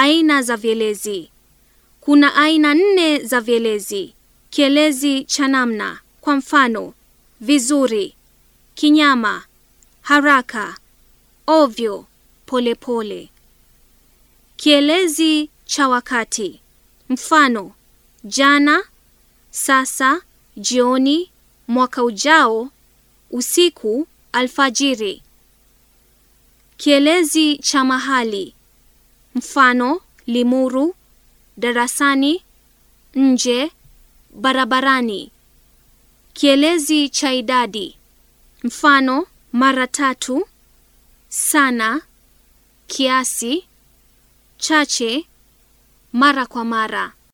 Aina za vielezi. Kuna aina nne za vielezi. Kielezi cha namna, kwa mfano, vizuri, kinyama, haraka, ovyo, polepole pole. Kielezi cha wakati, mfano, jana, sasa, jioni, mwaka ujao, usiku, alfajiri. Kielezi cha mahali mfano Limuru, darasani, nje, barabarani. Kielezi cha idadi mfano mara tatu, sana, kiasi, chache, mara kwa mara.